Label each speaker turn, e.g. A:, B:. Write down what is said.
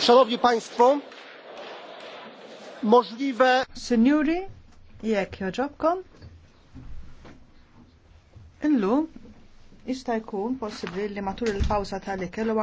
A: Szanowni Państwo,
B: możliwe... Signori, jekk joġobkom,
C: illum jista' jkun possibbli li matul il-pawża tal-ikel